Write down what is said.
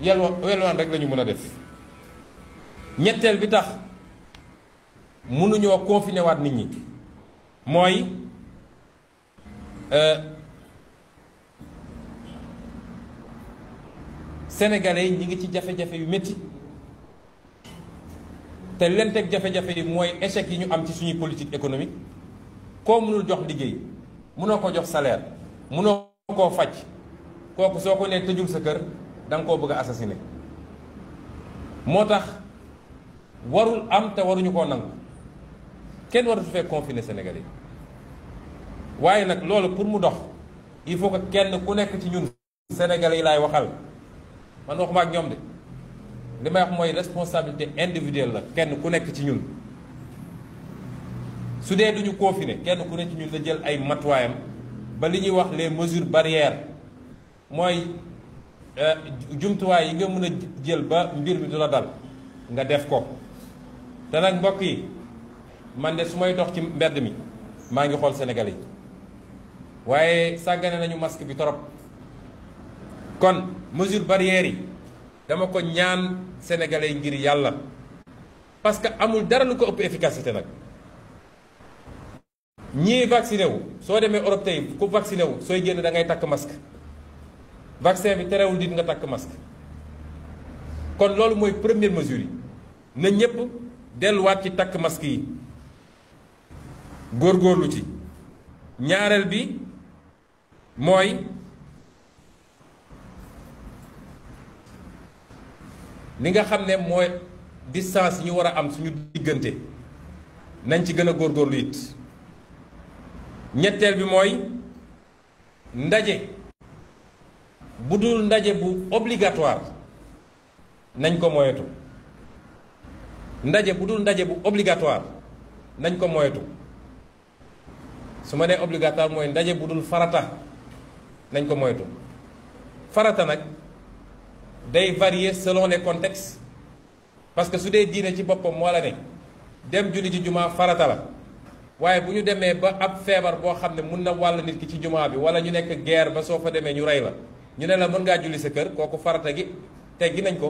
yelwa yelwaan rek lañu mën a def ñetteel bi tax mënuñoo confiné waat nit ñi mooy euh, sénégalais yi ñi ngi ci jafe-jafe yu métti te leen teg jafe-jafe yi mooy échec yi ñu am ci suñuy politique économique koo mënul jox liggéey mënoo ko jox salaire mënoo koo faj kooku soo ko nee tëjul sa kër da nga bëgg a moo tax warul am te waruñu koo nangu kenn waratu fee confiner Sénégalais yi waaye nag loolu pour mu dox il faut que kenn ku nekk ci ñun Sénégalais yi laay waxal man waxuma ak ñoom de li may wax mooy responsabilité individuelle la kenn ku nekk ci ñun su dee duñu confiner kenn ku nekk ci ñun la jël ay matuwaayam ba li ñuy wax les mesure barrières mooy Eh, jumtuwaay yi nga mën a jël ba mbir mi du la dal nga def ko te nag mbokk yi man de su may dox ci mbedd mi maa ngi xool Sénégalais yi waaye sàggane nañu masque bi torop kon mesure barrière yi dama ko ñaan Sénégalais yi ngir yàlla parce que amul dara lu ko ëpp efficacité nag ñii vacciné wu soo demee Europe tey ku vacciné wu sooy génn da ngay takk masque vaccin bi terewul dit nga takk masque kon loolu mooy première mesure yi na ñëpp delluwaat ci takk masque yi góorgóorlu ci ñaareel bi mooy li nga xam ne mooy distance yi ñu war a am suñu diggante nañ ci gën a góorgóorlu it ñetteel bi mooy ndaje. Budul ndaje bu obligatoire nañ ko moyetu ndaje budul ndaje bu obligatoire nañ ko moyetu suma ne obligatoire moy ndaje budul farata nañ ko moyetu farata nak day varier selon les contextes parce que soudé diiné ci bopom mo la né dem julli ci farata la waye buñu démé ba ab fièvre bo xamné ne mun na wàll nit ki ci jumaa bi wala ñu nek guerre ba so fa démé ñu ray la ñu ne la mën ngaa julli sa kër kooku farata gi tey teggi nañ ko